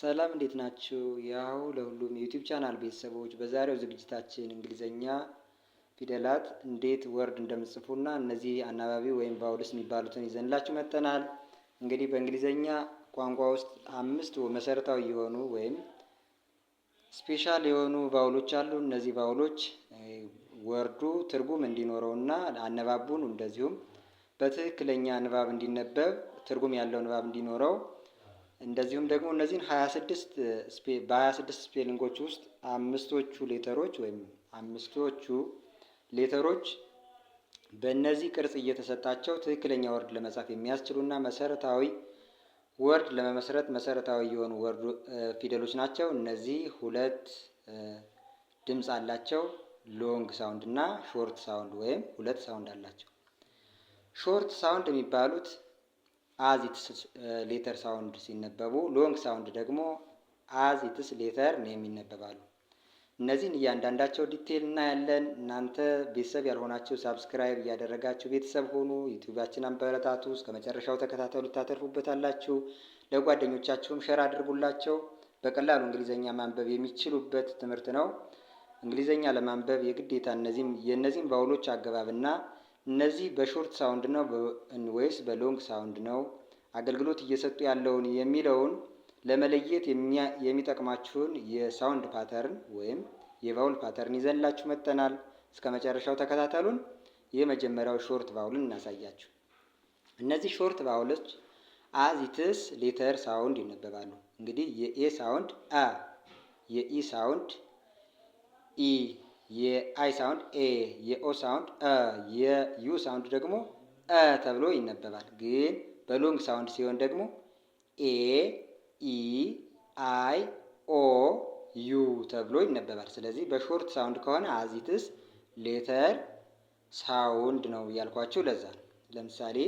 ሰላም እንዴት ናችሁ? ያው ለሁሉም የዩቲዩብ ቻናል ቤተሰቦች በዛሬው ዝግጅታችን እንግሊዘኛ ፊደላት እንዴት ወርድ እንደምጽፉና እነዚህ አናባቢ ወይም ባውልስ የሚባሉትን ይዘንላችሁ መጥተናል። እንግዲህ በእንግሊዘኛ ቋንቋ ውስጥ አምስት መሰረታዊ የሆኑ ወይም ስፔሻል የሆኑ ባውሎች አሉ። እነዚህ ባውሎች ወርዱ ትርጉም እንዲኖረውና አነባቡን እንደዚሁም በትክክለኛ ንባብ እንዲነበብ ትርጉም ያለው ንባብ እንዲኖረው እንደዚሁም ደግሞ እነዚህን 26 በ26 ስፔሊንጎች ውስጥ አምስቶቹ ሌተሮች ወይም አምስቶቹ ሌተሮች በእነዚህ ቅርጽ እየተሰጣቸው ትክክለኛ ወርድ ለመጻፍ የሚያስችሉና መሰረታዊ ወርድ ለመመስረት መሰረታዊ የሆኑ ወርድ ፊደሎች ናቸው። እነዚህ ሁለት ድምፅ አላቸው፣ ሎንግ ሳውንድ እና ሾርት ሳውንድ ወይም ሁለት ሳውንድ አላቸው። ሾርት ሳውንድ የሚባሉት አዝ ኢትስ ሌተር ሳውንድ ሲነበቡ ሎንግ ሳውንድ ደግሞ አዝ ኢትስ ሌተር ነው የሚነበባሉ። እነዚህን እያንዳንዳቸው ዲቴል እናያለን። እናንተ ቤተሰብ ያልሆናችሁ ሳብስክራይብ እያደረጋችሁ ቤተሰብ ሆኑ። ዩቲዩባችን አንበረታቱ። እስከ መጨረሻው ተከታተሉ፣ ታተርፉበታላችሁ። ለጓደኞቻችሁም ሸር አድርጉላቸው። በቀላሉ እንግሊዘኛ ማንበብ የሚችሉበት ትምህርት ነው። እንግሊዘኛ ለማንበብ የግዴታ እነዚህም የእነዚህም ባውሎች አገባብና እነዚህ በሾርት ሳውንድ ነው ወይስ በሎንግ ሳውንድ ነው አገልግሎት እየሰጡ ያለውን የሚለውን ለመለየት የሚጠቅማችሁን የሳውንድ ፓተርን ወይም የቫውል ፓተርን ይዘንላችሁ መጠናል። እስከ መጨረሻው ተከታተሉን። የመጀመሪያው ሾርት ቫውልን እናሳያችሁ። እነዚህ ሾርት ቫውሎች አዚትስ ሌተር ሳውንድ ይነበባሉ። እንግዲህ የኤ ሳውንድ አ፣ የኢ ሳውንድ ኢ የአይ ሳውንድ ኤ፣ የኦ ሳውንድ አ፣ የዩ ሳውንድ ደግሞ አ ተብሎ ይነበባል። ግን በሎንግ ሳውንድ ሲሆን ደግሞ ኤ፣ ኢ፣ አይ፣ ኦ፣ ዩ ተብሎ ይነበባል። ስለዚህ በሾርት ሳውንድ ከሆነ አዚትስ ሌተር ሳውንድ ነው ያልኳችሁ ለዛ ለምሳሌ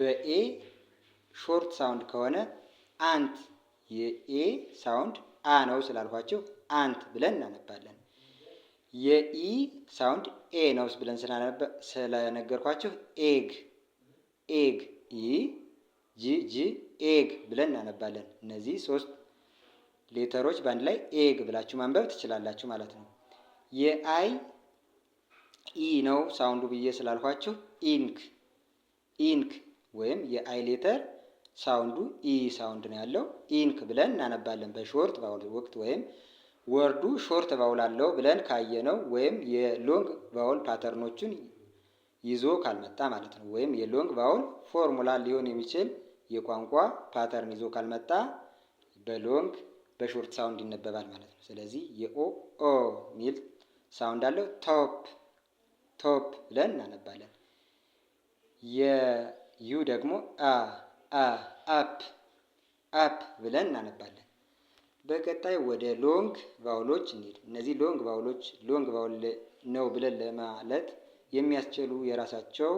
በኤ ሾርት ሳውንድ ከሆነ አንት የኤ ሳውንድ አ ነው ስላልኳችሁ አንት ብለን እናነባለን። የኢ ሳውንድ ኤ ነው ብለን ስለነገርኳችሁ ኤግ ኤግ ኢ ጂ ጂ ኤግ ብለን እናነባለን። እነዚህ ሶስት ሌተሮች በአንድ ላይ ኤግ ብላችሁ ማንበብ ትችላላችሁ ማለት ነው። የአይ ኢ ነው ሳውንዱ ብዬ ስላልኳችሁ ኢንክ ኢንክ ወይም የአይ ሌተር ሳውንዱ ኢ ሳውንድ ነው ያለው ኢንክ ብለን እናነባለን በሾርት ባውል ወቅት ወይም ወርዱ ሾርት ቫውል አለው ብለን ካየነው ወይም የሎንግ ቫውል ፓተርኖችን ይዞ ካልመጣ ማለት ነው። ወይም የሎንግ ቫውል ፎርሙላ ሊሆን የሚችል የቋንቋ ፓተርን ይዞ ካልመጣ በሎንግ በሾርት ሳውንድ ይነበባል ማለት ነው። ስለዚህ የኦ ኦ ሚል ሳውንድ አለው። ቶፕ ቶፕ ብለን እናነባለን። የዩ ደግሞ አ አ አፕ አፕ ብለን እናነባለን። በቀጣይ ወደ ሎንግ ቫውሎች እንሂድ። እነዚህ ሎንግ ቫውሎች ሎንግ ቫውል ነው ብለን ለማለት የሚያስችሉ የራሳቸው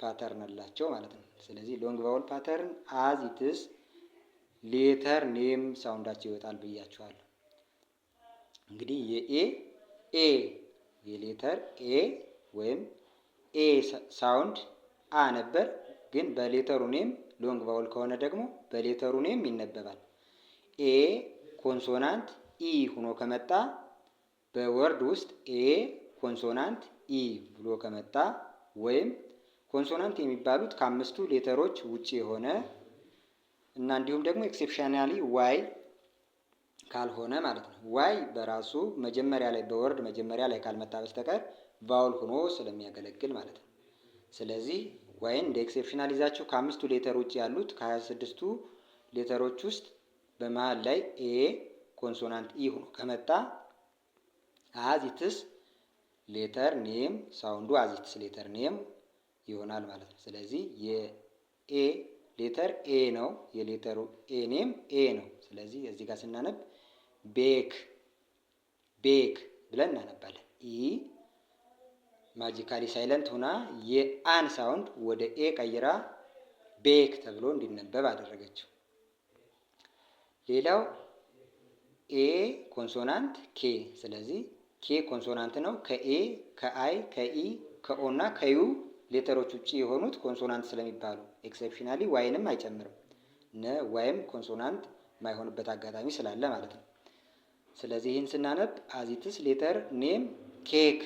ፓተርን አላቸው ማለት ነው። ስለዚህ ሎንግ ቫውል ፓተርን አዝ ኢትስ ሌተር ኔም ሳውንዳቸው ይወጣል ብያቸዋለሁ። እንግዲህ የኤ ኤ የሌተር ኤ ወይም ኤ ሳውንድ አ ነበር፣ ግን በሌተሩ ኔም ሎንግ ቫውል ከሆነ ደግሞ በሌተሩ ኔም ይነበባል ኤ ኮንሶናንት ኢ ሆኖ ከመጣ በወርድ ውስጥ ኤ ኮንሶናንት ኢ ብሎ ከመጣ ወይም ኮንሶናንት የሚባሉት ከአምስቱ ሌተሮች ውጭ የሆነ እና እንዲሁም ደግሞ ኤክሴፕሽናሊ ዋይ ካልሆነ ማለት ነው። ዋይ በራሱ መጀመሪያ ላይ በወርድ መጀመሪያ ላይ ካልመጣ በስተቀር ቫውል ሆኖ ስለሚያገለግል ማለት ነው። ስለዚህ ዋይን እንደ ኤክሴፕሽናል ይዛችሁ ከአምስቱ ሌተር ውጭ ያሉት ከሀያ ስድስቱ ሌተሮች ውስጥ በመሀል ላይ ኤ ኮንሶናንት ኢ ሆኖ ከመጣ አዚትስ ሌተር ኔም ሳውንዱ አዚትስ ሌተር ኔም ይሆናል ማለት ነው። ስለዚህ የኤ ሌተር ኤ ነው። የሌተሩ ኤ ኔም ኤ ነው። ስለዚህ እዚህ ጋር ስናነብ ቤክ ቤክ ብለን እናነባለን። ኢ ማጂካሊ ሳይለንት ሆና የአን ሳውንድ ወደ ኤ ቀይራ ቤክ ተብሎ እንዲነበብ አደረገችው። ሌላው ኤ ኮንሶናንት ኬ። ስለዚህ ኬ ኮንሶናንት ነው። ከኤ ከአይ ከኢ ከኦ እና ከዩ ሌተሮች ውጭ የሆኑት ኮንሶናንት ስለሚባሉ ኤክሰፕሽናሊ ዋይንም አይጨምርም። ነ ዋይም ኮንሶናንት የማይሆንበት አጋጣሚ ስላለ ማለት ነው። ስለዚህ ይህን ስናነብ አዚትስ ሌተር ኔም ኬክ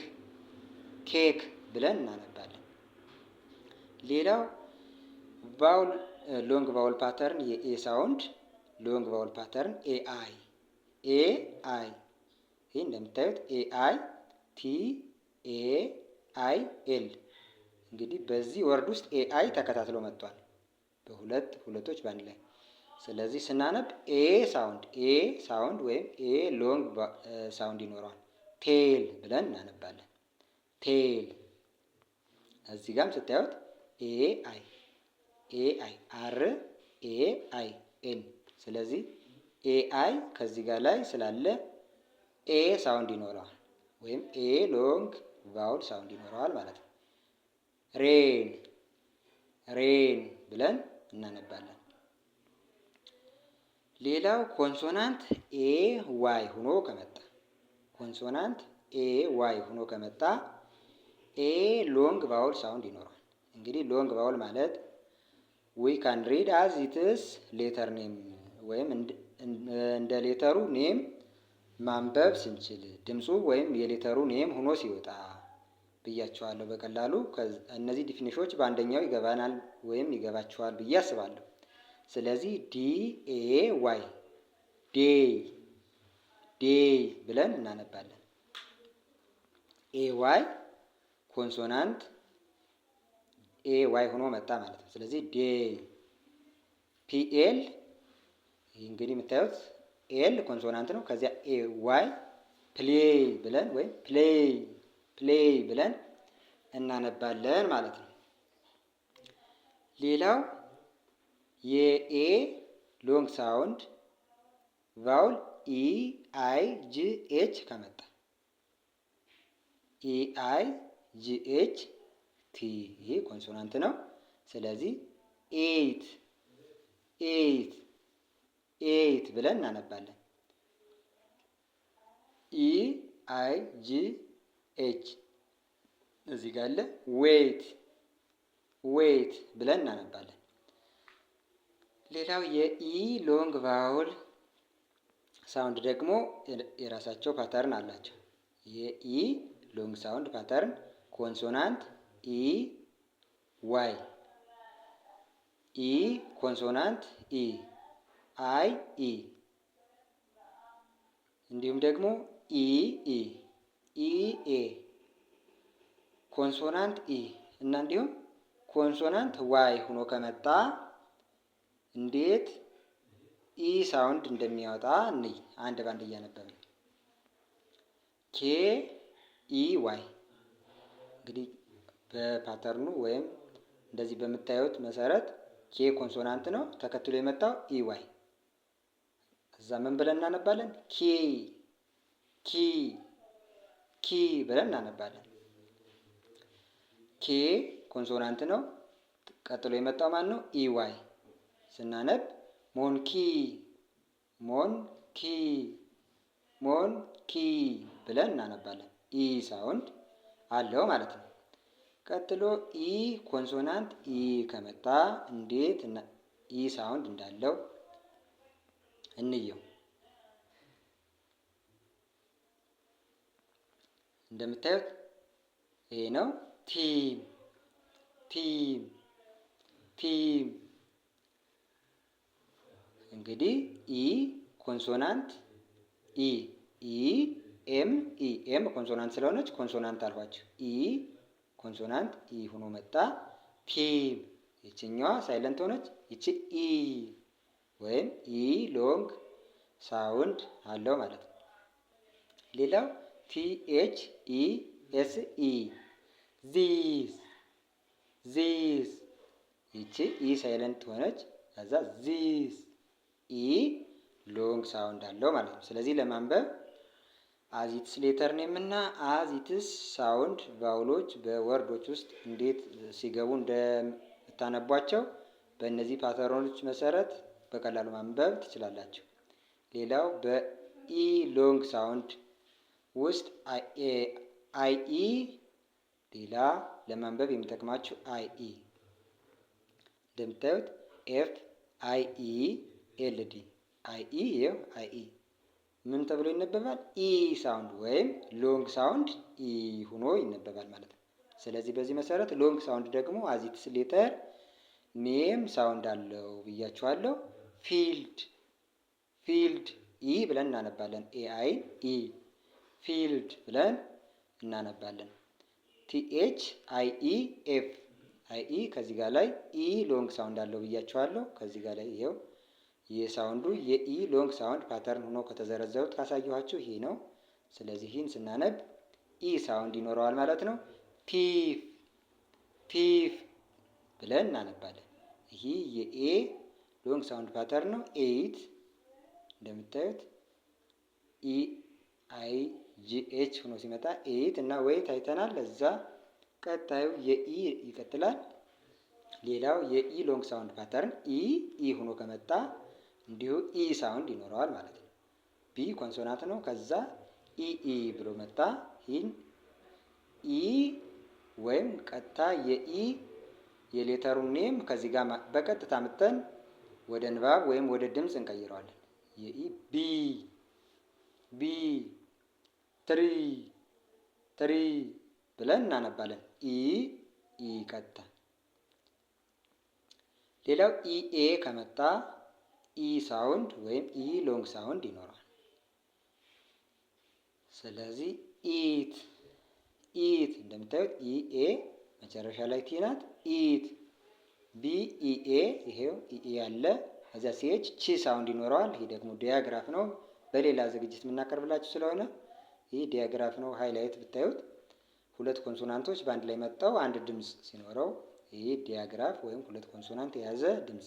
ኬክ ብለን እናነባለን። ሌላው ቫውል ሎንግ ቫውል ፓተርን የኤ ሳውንድ ሎንግ ቫውል ፓተርን ኤአይ ኤአይ ይህ እንደምታዩት ኤአይ ቲ ኤ አይ ኤል እንግዲህ በዚህ ወርድ ውስጥ ኤአይ ተከታትሎ መጥቷል። በሁለት ሁለቶች በአንድ ላይ ስለዚህ ስናነብ ኤ ሳውንድ ኤ ሳውንድ ወይም ኤ ሎንግ ሳውንድ ይኖረዋል። ቴል ብለን እናነባለን። ቴል እዚህ ጋም ስታዩት ኤ አይ ኤ አይ አር ኤ አይ ኤን ስለዚህ ኤአይ ከዚህ ጋር ላይ ስላለ ኤ ሳውንድ ይኖረዋል ወይም ኤ ሎንግ ቫውል ሳውንድ ይኖረዋል ማለት ነው። ሬን ሬን ብለን እናነባለን። ሌላው ኮንሶናንት ኤ ዋይ ሆኖ ከመጣ ኮንሶናንት ኤ ዋይ ሆኖ ከመጣ ኤ ሎንግ ቫውል ሳውንድ ይኖረዋል። እንግዲህ ሎንግ ቫውል ማለት ዊ ካን ሪድ አዝ ኢትስ ሌተር ኔም ወይም እንደ ሌተሩ ኔም ማንበብ ስንችል ድምፁ ወይም የሌተሩ ኔም ሆኖ ሲወጣ ብያቸዋለሁ። በቀላሉ እነዚህ ዲፊኒሽኖች በአንደኛው ይገባናል ወይም ይገባቸዋል ብዬ አስባለሁ። ስለዚህ ዲ ኤ ዋይ ዴይ ዴይ ብለን እናነባለን። ኤ ዋይ ኮንሶናንት ኤ ዋይ ሆኖ መጣ ማለት ነው። ስለዚህ ዴይ ፒኤል ይህ እንግዲህ የምታዩት ኤል ኮንሶናንት ነው። ከዚያ ኤ ዋይ ፕሌይ ብለን ወይም ፕሌይ ፕሌይ ብለን እናነባለን ማለት ነው። ሌላው የኤ ሎንግ ሳውንድ ቫውል ኢ አይ ጂ ኤች ከመጣ ኢ አይ ጂ ኤች ቲ ይሄ ኮንሶናንት ነው። ስለዚህ ኤት ኤት ኤት ብለን እናነባለን። ኢ አይ ጂ ኤች እዚህ ጋር አለ። ዌት ዌይት ብለን እናነባለን። ሌላው የኢ ሎንግ ቫውል ሳውንድ ደግሞ የራሳቸው ፓተርን አላቸው። የኢ ሎንግ ሳውንድ ፓተርን ኮንሶናንት ኢ ዋይ ኢ ኮንሶናንት ኢ አይ ኢ እንዲሁም ደግሞ ኢ ኢ ኢ ኤ ኮንሶናንት ኢ እና እንዲሁም ኮንሶናንት ዋይ ሆኖ ከመጣ እንዴት ኢ ሳውንድ እንደሚያወጣ እንይ። አንድ ባንድ እያነበብን ኬ ኢ ዋይ እንግዲህ በፓተርኑ ወይም እንደዚህ በምታዩት መሰረት ኬ ኮንሶናንት ነው። ተከትሎ የመጣው ኢ ዋይ እዛ ምን ብለን እናነባለን? ኪ ኪ ኪ ብለን እናነባለን። ኬ ኮንሶናንት ነው። ቀጥሎ የመጣው ማን ነው? ኢዋይ ስናነብ ሞን ኪ ሞን ኪ ሞን ኪ ብለን እናነባለን። ኢ ሳውንድ አለው ማለት ነው። ቀጥሎ ኢ ኮንሶናንት ኢ ከመጣ እንዴት ኢ ሳውንድ እንዳለው እንየው። እንደምታዩት ይሄ ነው። ቲም ቲም ቲም። እንግዲህ ኢ ኮንሶናንት ኢ ኢ ኤም ኢ ኤም ኮንሶናንት ስለሆነች ኮንሶናንት አልኋቸው። ኢ ኮንሶናንት ኢ ሆኖ መጣ። ቲም ይችኛዋ ሳይለንት ሆነች። ይቺ ኢ ወይም ኢ ሎንግ ሳውንድ አለው ማለት ነው። ሌላው ቲ ኤች ኢ ኤስ ኢ ዚዝ ዚዝ ይቺ ኢ ሳይለንት ሆነች። ከዛ ዚስ ኢ ሎንግ ሳውንድ አለው ማለት ነው። ስለዚህ ለማንበብ አዚትስ ሌተር ኔም እና አዚትስ ሳውንድ ቫውሎች በወርዶች ውስጥ እንዴት ሲገቡ እንደምታነቧቸው በእነዚህ ፓተርኖች መሰረት በቀላሉ ማንበብ ትችላላችሁ። ሌላው በኢ ሎንግ ሳውንድ ውስጥ አይ ኢ ሌላ ለማንበብ የሚጠቅማችሁ አይ ኢ እንደምታዩት ኤፍ አይ ኢ ኤል ዲ አይ ኢ ይኸው አይ ኢ ምን ተብሎ ይነበባል? ኢ ሳውንድ ወይም ሎንግ ሳውንድ ኢ ሆኖ ይነበባል ማለት ነው። ስለዚህ በዚህ መሰረት ሎንግ ሳውንድ ደግሞ አዚት ስሌተር ኔም ሳውንድ አለው ብያችኋለሁ። ፊልድ ፊልድ ኢ ብለን እናነባለን። ኤአይ ኢ ፊልድ ብለን እናነባለን። ቲኤች አይ ኢ ኤፍ አይ ኢ ከዚህ ጋር ላይ ኢ ሎንግ ሳውንድ አለው ብያቸዋለሁ። ከዚህ ጋር ላይ ይኸው የሳውንዱ የኢ ሎንግ ሳውንድ ፓተርን ሆኖ ከተዘረዘሩት ካሳየኋችሁ ይሄ ነው። ስለዚህ ይህን ስናነብ ኢ ሳውንድ ይኖረዋል ማለት ነው። ፒፍ ፒፍ ብለን እናነባለን። ይህ የኤ ሎንግ ሳውንድ ፓተርን ነው። ኤት እንደምታዩት ኢ አይ ጂ ኤች ሆኖ ሲመጣ ኤይት እና ወይት አይተናል። ለዛ ቀጣዩ የኢ ይቀጥላል። ሌላው የኢ ሎንግ ሳውንድ ፓተርን ኢ ኢ ሆኖ ከመጣ እንዲሁ ኢ ሳውንድ ይኖረዋል ማለት ነው። ቢ ኮንሶናንት ነው። ከዛ ኢ ኢ ብሎ መጣ። ይህን ኢ ወይም ቀጥታ የኢ የሌተሩ ኔም ከዚህ ጋር በቀጥታ ምተን ወደ ንባብ ወይም ወደ ድምፅ እንቀይረዋለን። የኢ ቢ ቢ ትሪ ትሪ ብለን እናነባለን። ኢ ኢ ቀጥታ። ሌላው ኢ ኤ ከመጣ ኢ ሳውንድ ወይም ኢ ሎንግ ሳውንድ ይኖረዋል። ስለዚህ ኢት ኢት እንደምታዩት ኢ ኤ መጨረሻ ላይ ቲ ናት ኢት ቢ ኢኤ ይሄው ኢኤ አለ። እዚያ ሲኤች ቺ ሳውንድ ይኖረዋል። ይሄ ደግሞ ዲያግራፍ ነው፣ በሌላ ዝግጅት የምናቀርብላችሁ ስለሆነ ይህ ዲያግራፍ ነው። ሃይላይት ብታዩት ሁለት ኮንሶናንቶች በአንድ ላይ መጣው አንድ ድምፅ ሲኖረው ይህ ዲያግራፍ ወይም ሁለት ኮንሶናንት የያዘ ድምፅ።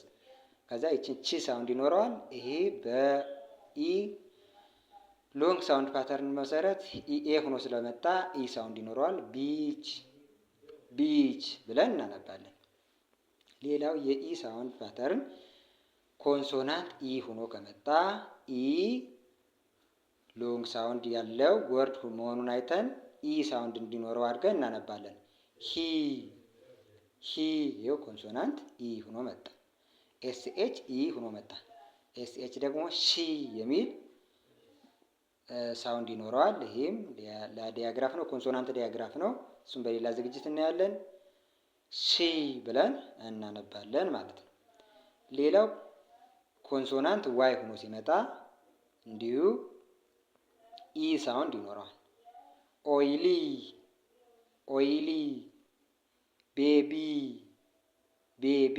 ከዛ ይችን ቺ ሳውንድ ይኖረዋል። ይሄ በኢ ሎንግ ሳውንድ ፓተርን መሰረት ኢኤ ሆኖ ስለመጣ ኢ ሳውንድ ይኖረዋል። ቢች ቢች ብለን እናነባለን። ሌላው የኢ ሳውንድ ፓተርን ኮንሶናንት ኢ ሆኖ ከመጣ ኢ ሎንግ ሳውንድ ያለው ወርድ መሆኑን አይተን ኢ ሳውንድ እንዲኖረው አድርገን እናነባለን። ሂ ሂ ይኸው ኮንሶናንት ኢ ሆኖ መጣ። ኤስ ኤች ኢ ሆኖ መጣ። ኤስ ኤች ደግሞ ሺ የሚል ሳውንድ ይኖረዋል። ይህም ለዲያግራፍ ነው፣ ኮንሶናንት ዲያግራፍ ነው። እሱም በሌላ ዝግጅት እናያለን። ሲ ብለን እናነባለን ማለት ነው። ሌላው ኮንሶናንት ዋይ ሆኖ ሲመጣ እንዲሁ ኢ ሳውንድ ይኖረዋል። ኦይሊ ኦይሊ፣ ቤቢ ቤቢ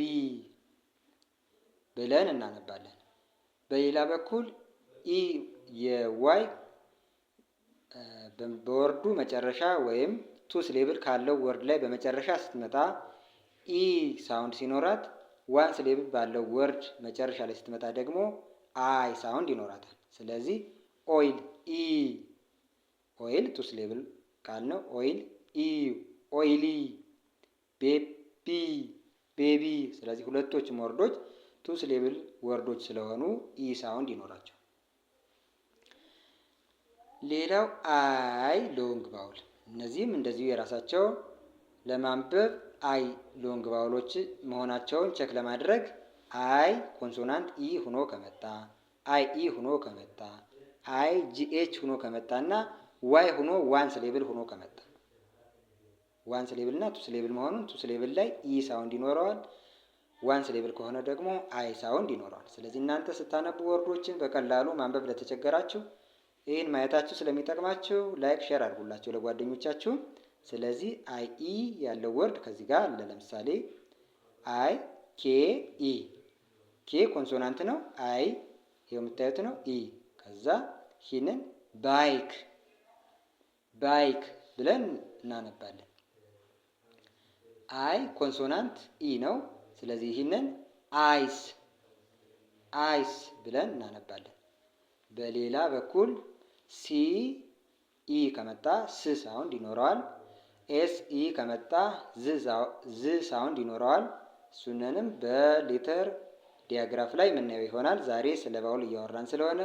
ብለን እናነባለን። በሌላ በኩል ኢ የዋይ በወርዱ መጨረሻ ወይም ቱስ ሌብል ካለው ወርድ ላይ በመጨረሻ ስትመጣ ኢ ሳውንድ ሲኖራት፣ ዋንስ ሌብል ባለው ወርድ መጨረሻ ላይ ስትመጣ ደግሞ አይ ሳውንድ ይኖራታል። ስለዚህ ኦይል ኢ ኦይል ቱስ ሌብል ቃል ነው። ኦይል ኢ ኦይሊ፣ ቤቢ ቤቢ። ስለዚህ ሁለቶችም ወርዶች ቱስ ሌብል ወርዶች ስለሆኑ ኢ ሳውንድ ይኖራቸው። ሌላው አይ ሎንግ ባውል እነዚህም እንደዚሁ የራሳቸው ለማንበብ አይ ሎንግ ባውሎች መሆናቸውን ቸክ ለማድረግ አይ ኮንሶናንት ኢ ሆኖ ከመጣ አይ ኢ ሆኖ ከመጣ አይ ጂኤች ሆኖ ከመጣ እና ዋይ ሆኖ ዋንስ ሌብል ሆኖ ከመጣ ዋንስ ሌብል እና ቱስ ሌብል መሆኑን ቱስ ሌብል ላይ ኢ ሳውንድ ይኖረዋል። ዋንስ ሌብል ከሆነ ደግሞ አይ ሳውንድ ይኖረዋል። ስለዚህ እናንተ ስታነቡ ወርዶችን በቀላሉ ማንበብ ለተቸገራችሁ ይህን ማየታችሁ ስለሚጠቅማችሁ ላይክ ሼር አድርጉላችሁ ለጓደኞቻችሁ። ስለዚህ አይ ኢ ያለው ወርድ ከዚህ ጋር አለ። ለምሳሌ አይ ኬ ኢ ኬ ኮንሶናንት ነው። አይ ይሄው የምታዩት ነው ኢ። ከዛ ይህንን ባይክ ባይክ ብለን እናነባለን። አይ ኮንሶናንት ኢ ነው። ስለዚህ ይህንን አይስ አይስ ብለን እናነባለን። በሌላ በኩል ሲ ኢ ከመጣ ስ ሳውንድ ይኖረዋል። ኤስ ኢ ከመጣ ዝ ሳውንድ ይኖረዋል። እሱንንም በሌተር ዲያግራፍ ላይ የምናየው ይሆናል። ዛሬ ስለ ባውል እያወራን ስለሆነ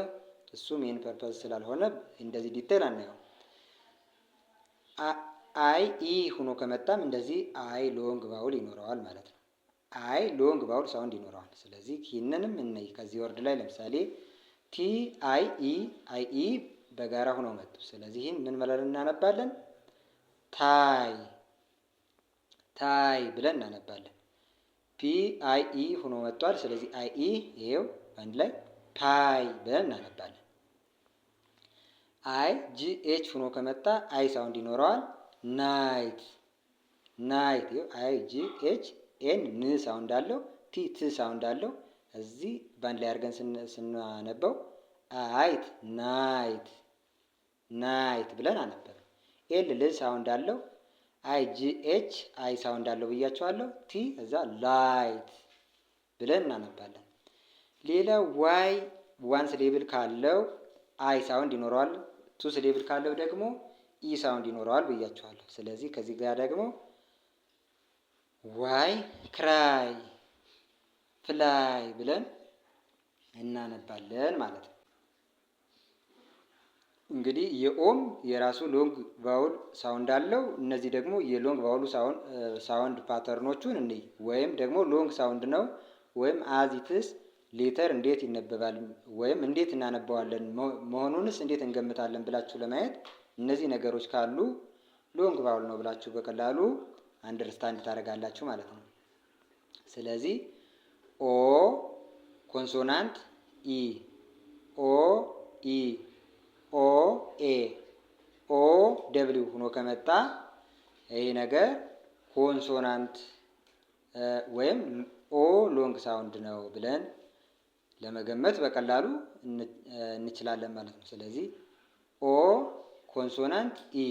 እሱ ሜን ፐርፐዝ ስላልሆነ እንደዚህ ዲቴል አናየው። አይ ኢ ሆኖ ከመጣም እንደዚህ አይ ሎንግ ባውል ይኖረዋል ማለት ነው። አይ ሎንግ ባውል ሳውንድ ይኖረዋል። ስለዚህ ይህንንም እነይ ከዚህ ወርድ ላይ ለምሳሌ ቲ አይ ኢ አይ ኢ በጋራ ሆነው መጡ። ስለዚህም ምን ብለን እናነባለን? ታይ ታይ ብለን እናነባለን። ፒ አይ ኢ ሆኖ መጥቷል። ስለዚህ አይ ኢ ይሄው አንድ ላይ ታይ ብለን እናነባለን። አይ ጂ ኤች ሆኖ ከመጣ አይ ሳውንድ ይኖረዋል። ናይት ናይት ይሄው አይ ጂ ኤች ኤን ን ሳውንድ አለው። ቲ ት ሳውንድ አለው። እዚህ በአንድ ላይ አድርገን ስናነበው አይት ናይት ናይት ብለን አነበብ። ኤል ል ሳውንድ አለው። አይ ጂ ኤች አይ ሳውንድ አለው ብያቸዋለሁ። ቲ እዛ ላይት ብለን እናነባለን። ሌላ ዋይ ዋን ስሌብል ካለው አይ ሳውንድ ይኖረዋል። ቱ ስሌብል ካለው ደግሞ ኢ ሳውንድ ይኖረዋል ብያቸዋለሁ። ስለዚህ ከዚህ ጋር ደግሞ ዋይ ክራይ ፍላይ ብለን እናነባለን ማለት ነው። እንግዲህ የኦም የራሱ ሎንግ ቫውል ሳውንድ አለው። እነዚህ ደግሞ የሎንግ ቫውሉ ሳውንድ ፓተርኖቹን እንይ። ወይም ደግሞ ሎንግ ሳውንድ ነው ወይም አዚትስ ሌተር እንዴት ይነበባል ወይም እንዴት እናነባዋለን መሆኑንስ እንዴት እንገምታለን ብላችሁ ለማየት እነዚህ ነገሮች ካሉ ሎንግ ቫውል ነው ብላችሁ በቀላሉ አንደርስታንድ ታደርጋላችሁ ማለት ነው። ስለዚህ ኦ ኮንሶናንት ኢ ኦ ኢ ኦ ኤ ኦ ደብሊው ሆኖ ከመጣ ይሄ ነገር ኮንሶናንት ወይም ኦ ሎንግ ሳውንድ ነው ብለን ለመገመት በቀላሉ እንችላለን ማለት ነው። ስለዚህ ኦ ኮንሶናንት ኢ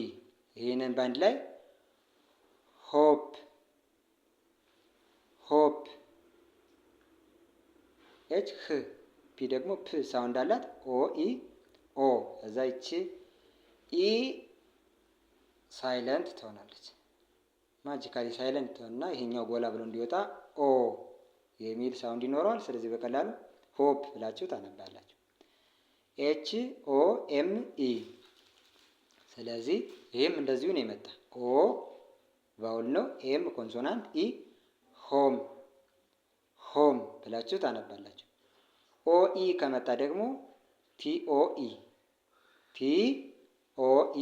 ይህንን ባንድ ላይ ሆፕ ሆፕ ኤች ህ ፒ ደግሞ ፕ ሳውንድ አላት ኦ ኢ ኦ እዛ ይቺ ኢ ሳይለንት ትሆናለች። ማጂካሊ ሳይለንት ትሆንና ይሄኛው ጎላ ብሎ እንዲወጣ ኦ የሚል ሳውንድ ይኖረዋል። ስለዚህ በቀላሉ ሆፕ ብላችሁ ታነባላችሁ። ኤች ኦ ኤም ኢ ስለዚህ ይህም እንደዚሁ ነው የመጣ ኦ ቫውል ነው። ኤም ኮንሶናንት፣ ኢ ሆም ሆም ብላችሁ ታነባላችሁ። ኦ ኢ ከመጣ ደግሞ ቲኦኢ ቲኦኢ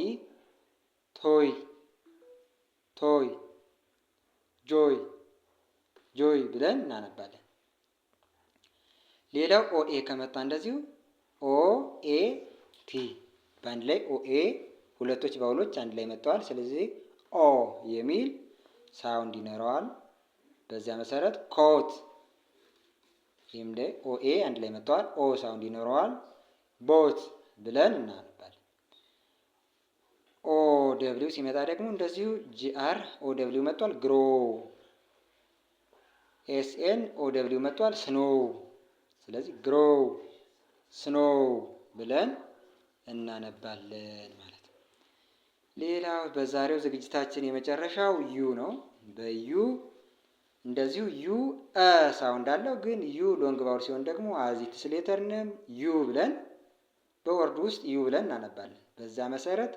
ቶይ ቶይ ጆይ ጆይ ብለን እናነባለን። ሌላው ኦኤ ከመጣ እንደዚሁ ኦ ኤ ቲ በአንድ ላይ ኦኤ ሁለቶች ባውሎች አንድ ላይ መጥተዋል። ስለዚህ ኦ የሚል ሳውንድ ይኖረዋል። በዚያ መሰረት ኮት ይህም ኦኤ አንድ ላይ መጥተዋል። ኦ ሳውንድ ይኖረዋል። ቦት ብለን እናነባለን። ኦ ደብሊው ሲመጣ ደግሞ እንደዚሁ ጂአር ኦ ደብሊው መጥቷል። ግሮ ኤስኤን ኦ ደብሊው መጥቷል። ስኖ ስለዚህ ግሮ ስኖ ብለን እናነባለን ማለት ነው። ሌላው በዛሬው ዝግጅታችን የመጨረሻው ዩ ነው። በዩ እንደዚሁ ዩ እ ሳውንድ አለው፣ ግን ዩ ሎንግ ባውል ሲሆን ደግሞ አዚትስ ሌተርንም ዩ ብለን በወርድ ውስጥ ዩ ብለን እናነባለን። በዛ መሰረት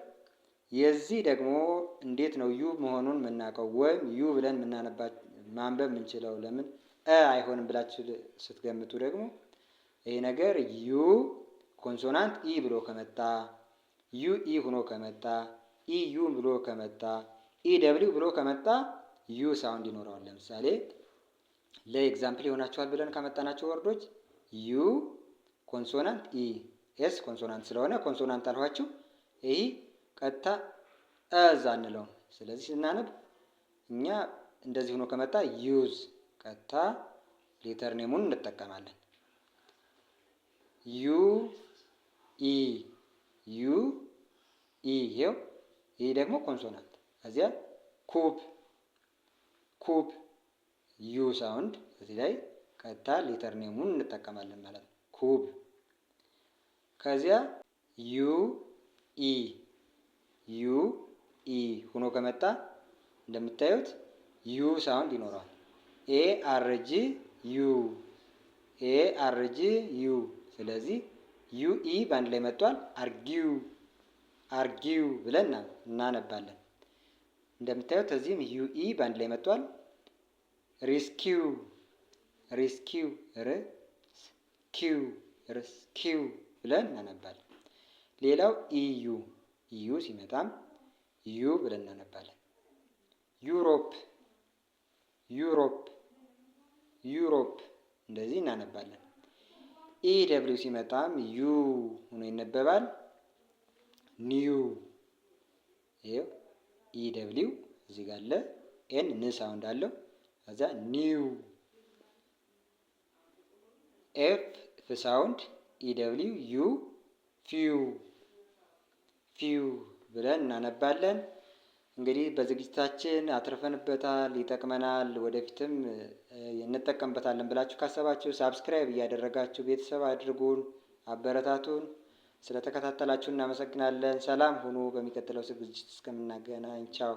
የዚህ ደግሞ እንዴት ነው ዩ መሆኑን የምናውቀው ወይም ዩ ብለን ማንበብ የምንችለው ለምን እ አይሆንም ብላችሁ ስትገምቱ ደግሞ ይህ ነገር ዩ ኮንሶናንት ኢ ብሎ ከመጣ ዩ ኢ ሆኖ ከመጣ ኢ ዩ ብሎ ከመጣ ኢ ደብሊው ብሎ ከመጣ ዩ ሳውንድ ይኖረዋል። ለምሳሌ ለኤግዛምፕል ይሆናችኋል ብለን ካመጣናቸው ወርዶች ዩ ኮንሶናንት ኢ ኤስ ኮንሶናንት ስለሆነ ኮንሶናንት አልኋችሁ። ይህ ቀጥታ እዝ አንለውም። ስለዚህ ስናነብ እኛ እንደዚህ ሆኖ ከመጣ ዩዝ ቀጥታ ሌተር ኔሙን እንጠቀማለን። ዩ ኢ ዩ ኢ ይሄው ይሄ ደግሞ ኮንሶናንት። ከዚያ ኩብ ኩፕ ዩ ሳውንድ እዚህ ላይ ቀጥታ ሌተር ኔሙን እንጠቀማለን ማለት ነው። ኩብ ከዚያ ዩ ኢ ዩ ኢ ሆኖ ከመጣ እንደምታዩት ዩ ሳውንድ ይኖረዋል። ኤ አር ጂ ዩ ኤ አር ጂ ዩ። ስለዚህ ዩ ኢ በአንድ ላይ መጥቷል። አርጊው አርጊው ብለን እናነባለን። እንደምታዩት እዚህም ዩ ኢ በአንድ ላይ መጥቷል። ሪስኪው ሪስኪው ርስ ኪው ብለን እናነባለን። ሌላው ኢዩ ኢዩ ሲመጣም ዩ ብለን እናነባለን። ዩሮፕ ዩሮፕ ዩሮፕ እንደዚህ እናነባለን። ኢ ደብሊው ሲመጣም ዩ ሆኖ ይነበባል። ኒዩ ይኸው ኢ ደብሊው እዚህ ጋር አለ። ኤን ን ሳውንድ አለው። ከዛ ኒው ኤፍ ፍ ሳውንድ ኢደብሊው ዩ ፊዩ ፊዩ ብለን እናነባለን። እንግዲህ በዝግጅታችን አትርፈንበታል፣ ይጠቅመናል፣ ወደፊትም እንጠቀምበታለን ብላችሁ ካሰባችሁ ሳብስክራይብ እያደረጋችሁ ቤተሰብ አድርጉን፣ አበረታቱን። ስለተከታተላችሁ እናመሰግናለን። ሰላም ሁኑ። በሚቀጥለው ዝግጅት እስከምናገናኝ ቻው።